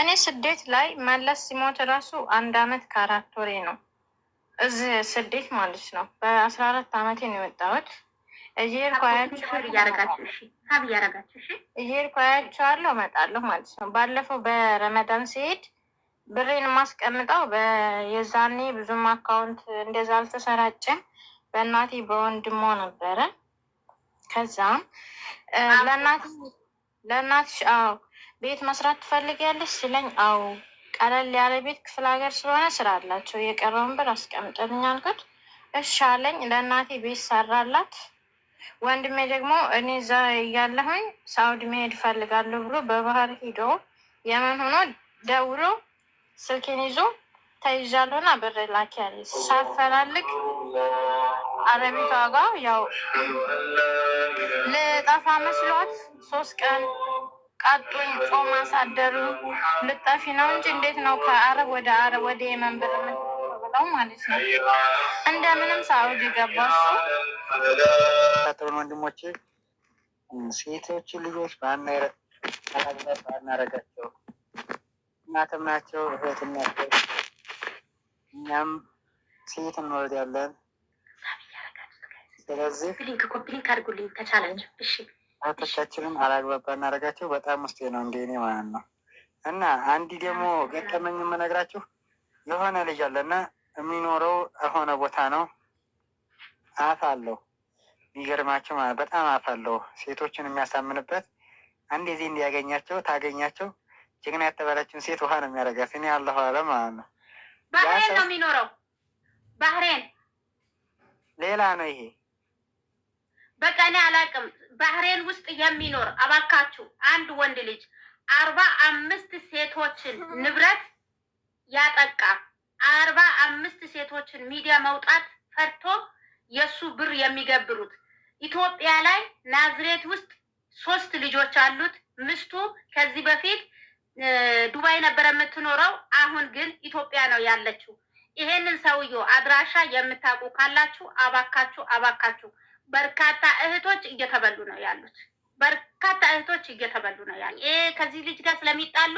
እኔ ስደት ላይ መለስ ሲሞት ራሱ አንድ አመት ከአራት ወሬ ነው። እዚህ ስደት ማለት ነው። በአስራ አራት አመቴ ነው የወጣሁት። እየሄድኩ አያቸዋለሁ፣ እመጣለሁ ማለት ነው። ባለፈው በረመዳን ሲሄድ ብሬን ማስቀምጠው የዛኔ ብዙም አካውንት እንደዛ አልተሰራጨም። በእናቴ በወንድሞ ነበረ። ከዛም ለእናት ለእናትሽ አዎ ቤት መስራት ትፈልጊያለሽ ሲለኝ፣ አዎ ቀለል ያለ ቤት ክፍለ ሀገር ስለሆነ ስራ አላቸው የቀረውን ብር አስቀምጥልኝ አልኩት። እሺ አለኝ። ለእናቴ ቤት ሰራላት። ወንድሜ ደግሞ እኔ እዛ እያለሁኝ ሳውዲ መሄድ እፈልጋለሁ ብሎ በባህር ሂዶ የመን ሆኖ ደውሎ ስልኬን ይዞ ተይዣለሁና ብር ላኪ ያለ ሳፈላልግ አረቢቷ ጋር ያው ልጠፋ መስሏት ሶስት ቀን ቀጡኝ ጾም አሳደሩ። ልጠፊ ነው እንጂ እንዴት ነው ከአረብ ወደ አረብ ወደ የመን ብር ብለው ማለት ነው። እንደምንም ሳውዲ ገባ እሱ ወንድሞቼ፣ ሴቶች ልጆች ባናረጋቸው እናትም ናቸው እህትም ናቸው። እኛም ሴት እንወልድ ያለን ስለዚህ ሊንክ ኮፒ ሊንክ አድርጉልኝ ከቻለ እሺ እህቶቻችንን አላግባባ እናደርጋቸው በጣም ውስጤ ነው እንደ እኔ ማለት ነው። እና አንዲ ደግሞ ገጠመኝ የምነግራችሁ የሆነ ልጅ አለና የሚኖረው የሆነ ቦታ ነው። አፍ አለው የሚገርማቸው ማለት በጣም አፍ አለው። ሴቶችን የሚያሳምንበት አንድ ጊዜ እንዲያገኛቸው ታገኛቸው ጀግና የተባለችውን ሴት ውሃ ነው የሚያደርጋት። እኔ አለሁ አለ ማለት ነው። ባህሬን ነው የሚኖረው። ባህሬን ሌላ ነው ይሄ በቃ እኔ አላቅም። ባህሬን ውስጥ የሚኖር አባካችሁ አንድ ወንድ ልጅ አርባ አምስት ሴቶችን ንብረት ያጠቃ አርባ አምስት ሴቶችን ሚዲያ መውጣት ፈርቶ የእሱ ብር የሚገብሩት ኢትዮጵያ ላይ ናዝሬት ውስጥ ሶስት ልጆች አሉት። ምስቱ ከዚህ በፊት ዱባይ ነበር የምትኖረው፣ አሁን ግን ኢትዮጵያ ነው ያለችው። ይሄንን ሰውዬ አድራሻ የምታውቁ ካላችሁ አባካችሁ አባካችሁ በርካታ እህቶች እየተበሉ ነው ያሉት። በርካታ እህቶች እየተበሉ ነው ያሉት። ይሄ ከዚህ ልጅ ጋር ስለሚጣሉ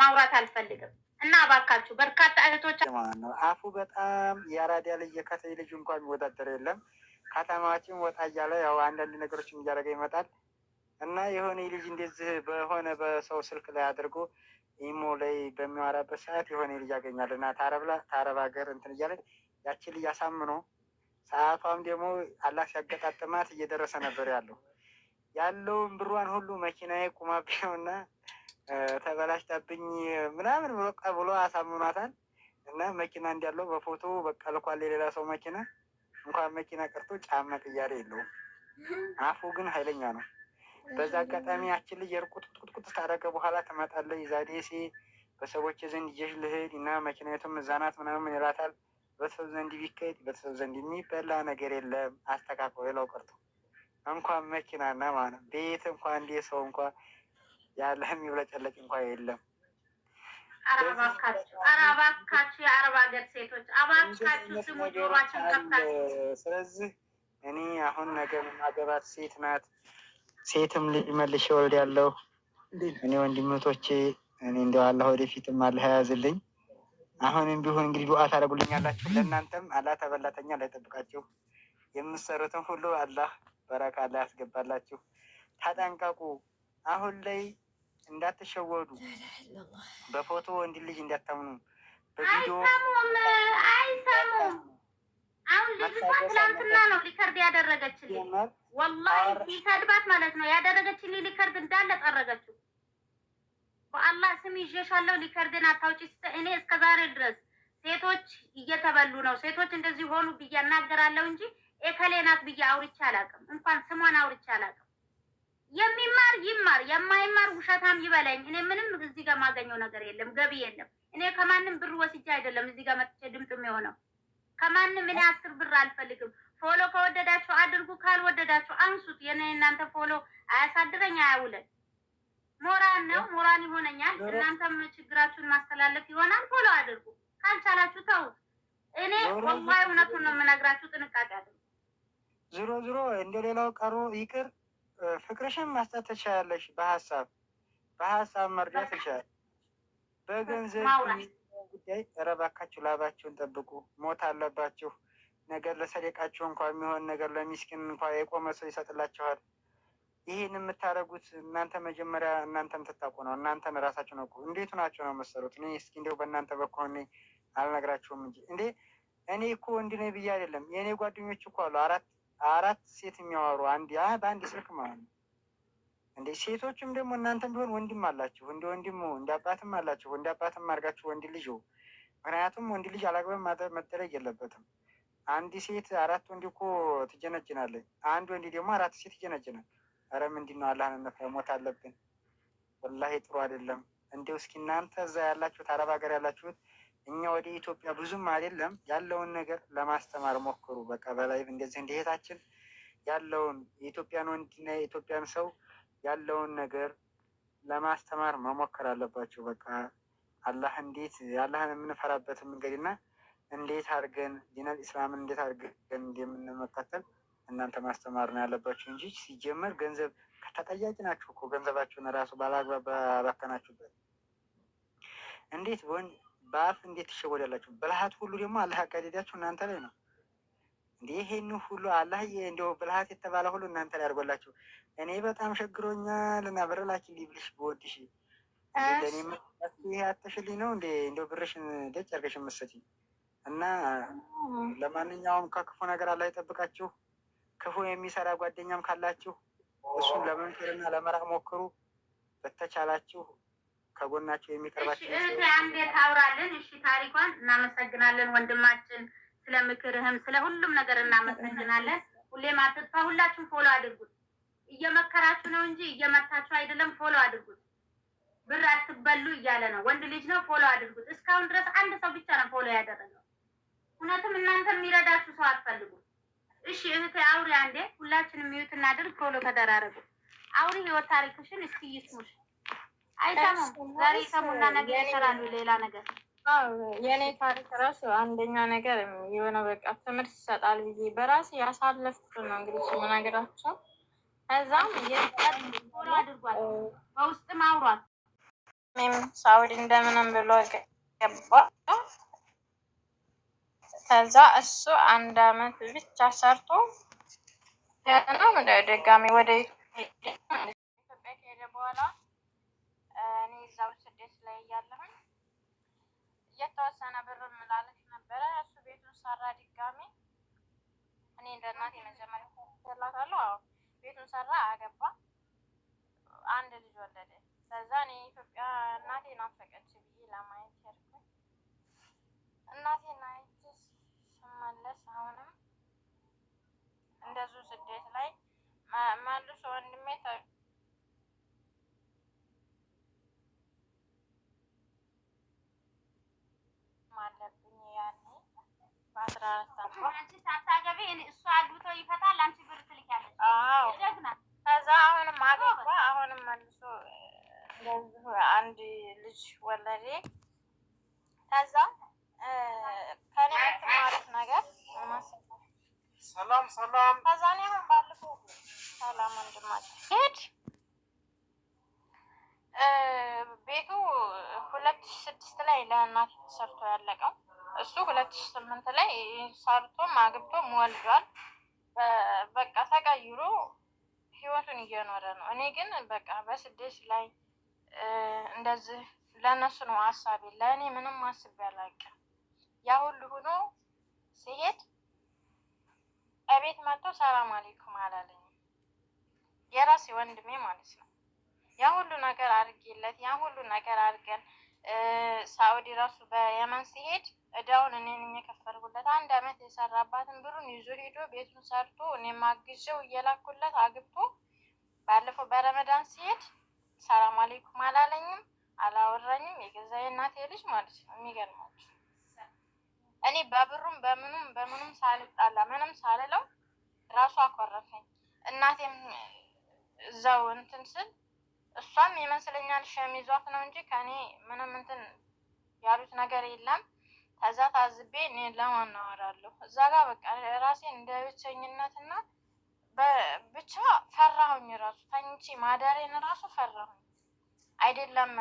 ማውራት አልፈልግም እና እባካችሁ በርካታ እህቶች ነው። አፉ በጣም የአራዳ ልጅ የከተይ ልጅ እንኳን የሚወዳደር የለም። ከተማችን ወጣ እያለ ያው አንዳንድ ነገሮችን እያደረገ ይመጣል እና የሆነ ልጅ እንደዚህ በሆነ በሰው ስልክ ላይ አድርጎ ኢሞ ላይ በሚዋራበት ሰዓት የሆነ ልጅ ያገኛል እና ታረብ ሀገር እንትን እያለ ያችን ልጅ አሳምኖ ሰዓቷም ደግሞ አላህ ሲያገጣጥማት እየደረሰ ነበር ያለው ያለውን ብሯን ሁሉ መኪናዬ ቁማቢውና ተበላሽታብኝ ምናምን በቃ ብሎ አሳምኗታል። እና መኪና እንዲያለው በፎቶ በቃ ልኳል። የሌላ ሰው መኪና እንኳን መኪና ቀርቶ ጫማ ቅያሬ የለውም። አፉ ግን ኃይለኛ ነው። በዛ አጋጣሚ ያችን ልጅ የርቁት ቁጥቁጥ ካደረገ በኋላ ትመጣለች። ዛዴሴ በሰዎች ዘንድ ይዤሽ ልሂድ እና መኪናቱም እዛ ናት ምናምን ይላታል። በሰው ዘንድ ቢካሄድ በሰው ዘንድ የሚበላ ነገር የለም። አስተካክሎ ሌላው ቀርቶ እንኳን መኪናና ማለት ቤት እንኳን እንደ ሰው እንኳ ያለ የሚብለጨለጭ እንኳ የለም። አረባካችሁ የአረብ ሀገር ሴቶች አባካችሁ ስሙ፣ ጆሯችን ከፍታችሁ። ስለዚህ እኔ አሁን ነገ ማገባት ሴት ናት። ሴትም ልጅ መልሼ ወልድ ያለው እኔ ወንድምቶቼ፣ እኔ እንደው አላህ ወደፊትም አለ ያዝልኝ አሁንም ቢሆን እንግዲህ ዱዓ ታደርጉልኛላችሁ። ለእናንተም አላህ ተበላተኛ ላይ ጠብቃችሁ የምትሰሩትን ሁሉ አላህ በረካ ላይ ያስገባላችሁ። ታጠንቀቁ። አሁን ላይ እንዳትሸወዱ፣ በፎቶ ወንድ ልጅ እንዳታምኑ፣ በቪዲዮ አይሰሙም። አሁን ልጅቷ ትላንትና ነው ሊከርድ ያደረገችልኝ፣ ወላሂ ሲሰድባት ማለት ነው ያደረገችልኝ ሊከርድ እንዳለ ጠረገችው በአላህ ስም ይዤሻለሁ፣ ሊከርድን አታውጪ። እኔ እስከ ዛሬ ድረስ ሴቶች እየተበሉ ነው፣ ሴቶች እንደዚህ ሆኑ ብዬ እናገራለሁ እንጂ ኤከሌ ናት ብዬ አውርቼ አላውቅም። እንኳን ስሟን አውርቼ አላውቅም። የሚማር ይማር፣ የማይማር ውሸታም ይበላኝ። እኔ ምንም እዚህ ጋር ማገኘው ነገር የለም፣ ገቢ የለም። እኔ ከማንም ብር ወስጄ አይደለም እዚህ ጋር መጥቼ ድምፅም የሆነው ከማንም እኔ አስር ብር አልፈልግም። ፎሎ ከወደዳችሁ አድርጉ፣ ካልወደዳችሁ አንሱት። የእኔ እናንተ ፎሎ አያሳድረኝ አያውለን መዳን ይሆነኛል። እናንተም ችግራችሁን ማስተላለፍ ይሆናል። ቶሎ አድርጉ፣ ካልቻላችሁ ተው። እኔ ወላሂ እውነቱን ነው የምነግራችሁ። ጥንቃቄ አድርጉ። ዝሮ ዝሮ እንደሌላው ቀሮ ይቅር ፍቅርሽን መስጠት ትችላለሽ። በሀሳብ በሀሳብ መርዳት ትችላለሽ። በገንዘብ ጉዳይ ኧረ ላባችሁን ጠብቁ። ሞት አለባችሁ ነገር ለሰደቃችሁ እንኳ የሚሆን ነገር ለሚስኪን እንኳ የቆመ ሰው ይሰጥላችኋል። ይህን የምታደርጉት እናንተ መጀመሪያ እናንተን ትታቁ ነው። እናንተን ራሳቸውን ነው እንዴት ናቸው ነው መሰሉት። እኔ እስኪ እንዲያው በእናንተ በኩል እኔ አልነግራቸውም እንጂ እንዴ እኔ እኮ እንዲህ ነኝ ብዬ አይደለም። የእኔ ጓደኞች እኮ አሉ አራት አራት ሴት የሚያወሩ አንድ በአንድ ስልክ ማለት ነው። ሴቶችም ደግሞ እናንተም ቢሆን ወንድም አላችሁ፣ እንደ ወንድም እንደ አባትም አላችሁ፣ ወንድ አባትም አድርጋችሁ ወንድ ልጅ ምክንያቱም ወንድ ልጅ አላግባብ መጠለቅ የለበትም። አንድ ሴት አራት ወንድ እኮ ትጀነጅናለች። አንድ ወንድ ደግሞ አራት ሴት ይጀነጅናል። ኧረ ምንድን ነው አላህን መሞት አለብን። ወላሂ ጥሩ አይደለም። እንዲው እስኪ እናንተ እዛ ያላችሁት አረብ ሀገር ያላችሁት እኛ ወደ ኢትዮጵያ ብዙም አይደለም ያለውን ነገር ለማስተማር ሞክሩ። በቃ በላይ እንደዚህ እንደሄታችን ያለውን የኢትዮጵያን ወንድና የኢትዮጵያን ሰው ያለውን ነገር ለማስተማር መሞከር አለባቸው። በቃ አላህ እንዴት አላህን የምንፈራበትን መንገድና እንዴት አድርገን ዲነል ኢስላምን እንዴት አድርገን እንደምንመከተል እናንተ ማስተማር ነው ያለባችሁ እንጂ ሲጀመር ገንዘብ ከተጠያቂ ናችሁ እኮ ገንዘባችሁን ራሱ ባላግባብ ባባከናችሁበት እንዴት ወን በአፍ እንዴት ትሸወዳላችሁ? ብልሃት ሁሉ ደግሞ አላህ ያቀደዳችሁ እናንተ ላይ ነው። እንዲህ ይሄን ሁሉ አላህ እንዲያው ብልሃት የተባለ ሁሉ እናንተ ላይ አድርጎላችሁ እኔ በጣም ሸግሮኛል እና ብር ላኪልኝ ብልሽ በወድሽ ይሄ አትሽልኝ ነው እንዴ? እንዲያው ብርሽን ደጭ አድርገሽ የምትሰጪኝ እና ለማንኛውም ከክፉ ነገር አላህ ይጠብቃችሁ። ክፉ የሚሰራ ጓደኛም ካላችሁ እሱን ለመምከርና ለመራቅ ሞክሩ። በተቻላችሁ ከጎናችሁ የሚቀርባችሁ እህት አንዴ ታውራለን። እሺ ታሪኳን እናመሰግናለን። ወንድማችን ስለ ምክርህም ስለ ሁሉም ነገር እናመሰግናለን። ሁሌም አትጥፋ። ሁላችሁም ፎሎ አድርጉት። እየመከራችሁ ነው እንጂ እየመታችሁ አይደለም። ፎሎ አድርጉት። ብር አትበሉ እያለ ነው። ወንድ ልጅ ነው። ፎሎ አድርጉት። እስካሁን ድረስ አንድ ሰው ብቻ ነው ፎሎ ያደረገው። እውነትም እናንተ የሚረ እሺ እህቴ አውሪ አንዴ። ሁላችንም ሚዩት እናድርግ። ቶሎ ተደራረጉ። አውሪ ህይወት ታሪክሽን እስኪ ይስሙሽ። አይሰሙም። ዛሬ ሰሙና ነገ ይሰራሉ ሌላ ነገር። የእኔ ታሪክ ራሱ አንደኛ ነገር የሆነ በቃ ትምህርት ይሰጣል ብዬ በራሴ ያሳለፍኩት ነው። እንግዲህ ስመናገራቸው ከዛም የሆነ አድርጓል። በውስጥም አውሯል። ሳውዲ እንደምንም ብሎ ገባ ከዛ እሱ አንድ አመት ብቻ ሰርቶ ገና ወደ ድጋሚ ወደ ኢትዮጵያ ከሄደ በኋላ እኔ እዛው ስደት ላይ እያለሁኝ እየተወሰነ ብር ምላልፍ ነበረ። እሱ ቤቱን ሰራ ድጋሚ። እኔ እንደ ላታለሁ። አዎ ቤቱን ሰራ፣ አገባ፣ አንድ ልጅ ወለደ። ከዛ እኔ ኢትዮጵያ እናቴ ናፈቀች ብዬ ለማየት ሄድኩኝ እናቴ በአስራ አራት እሱ አግብቶ ይፈታል። አንቺ ብር ትልኪያለሽ። ከዛ አሁንም አገባ። አሁንም መልሶ እንደዚሁ አንድ ልጅ ወለዴ። ከዛ ከኔ የምትማሩት ነገር ሰላም ሰላም። ከዛ እኔ አሁን ባለፈው ሰላም ወንድማቸው ሄድ ቤቱ ሁለት ሺህ ስድስት ላይ ለእናት ሰርቶ ያለቀው እሱ ሁለት ሺ ስምንት ላይ ሰርቶም አግብቶም ወልዷል። በቃ ተቀይሮ ህይወቱን እየኖረ ነው። እኔ ግን በቃ በስደት ላይ እንደዚህ ለእነሱ ነው ሀሳቤ። ለእኔ ምንም አስቤ አላውቅም። ያ ሁሉ ሆኖ ሲሄድ እቤት መጥቶ ሰላም አለይኩም አላለኝ። የራሴ ወንድሜ ማለት ነው። ያ ሁሉ ነገር አድርጌለት ያ ሁሉ ነገር አድርገን ሳኡዲ ራሱ በየመን ሲሄድ እዳውን እኔን የከፈልኩለት አንድ አመት የሰራባትን ብሩን ይዞ ሄዶ ቤቱን ሰርቶ እኔ ማግዘው እየላኩለት አግብቶ ባለፈው በረመዳን ሲሄድ ሰላም አለይኩም አላለኝም፣ አላወራኝም። የገዛ እናቴ ልጅ ማለት ነው። የሚገርማችሁ እኔ በብሩም በምኑም በምኑም ሳልጣላ ምንም ሳልለው ራሱ አኮረፈኝ። እናቴም እዛው እንትን ስል እሷም ይመስለኛል ሸሚዟት ነው እንጂ ከኔ ምንም እንትን ያሉት ነገር የለም። ከዛ ታዝቤ እኔ ለማን አወራለሁ እዛ ጋር በቃ ራሴን እንደ ብቸኝነት ብቸኝነትና ብቻ ፈራሁኝ። ራሱ ተኝቼ ማደሬን ራሱ ፈራሁኝ። አይደለም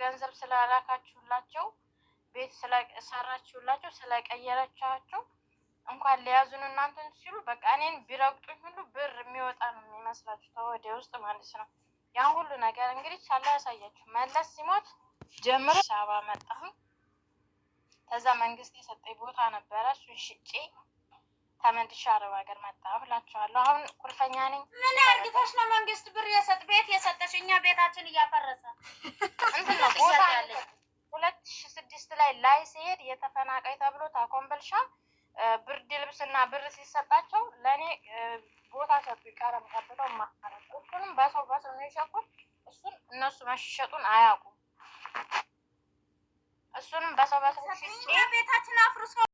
ገንዘብ ስላላካችሁላቸው ቤት ስለሰራችሁላቸው ስለቀየረቻቸው እንኳን ሊያዙን እናንተን ሲሉ በቃ እኔን ቢረግጡኝ ሁሉ ብር የሚወጣ ነው የሚመስላችሁ ከወደ ውስጥ ማለት ነው። ያን ሁሉ ነገር እንግዲህ ቻላ ያሳያችሁ። መለስ ሲሞት ጀምሮ አዲስ አበባ መጣሁ። ከዛ መንግስት የሰጠኝ ቦታ ነበረ፣ እሱን ሽጬ ተመልሼ አረብ ሀገር መጣሁ እላችኋለሁ። አሁን ቁልፈኛ ነኝ። ምን አርግተሽ ነው መንግስት ብር የሰጥ ቤት የሰጠሽ? እኛ ቤታችን እያፈረሰ ሁለት ሺ ስድስት ላይ ላይ ሲሄድ የተፈናቃይ ተብሎ ታኮምበልሻ ብርድ ልብስና ብር ሲሰጣቸው ለእኔ ቦታ ሰጡ ይቀረም ቀብለው ምክንያቱም በሰው በሰው ነው የሸኩት። እሱን እነሱ መሸጡን አያውቁም። እሱንም በሰው በሰው ቤታችን አፍርሶ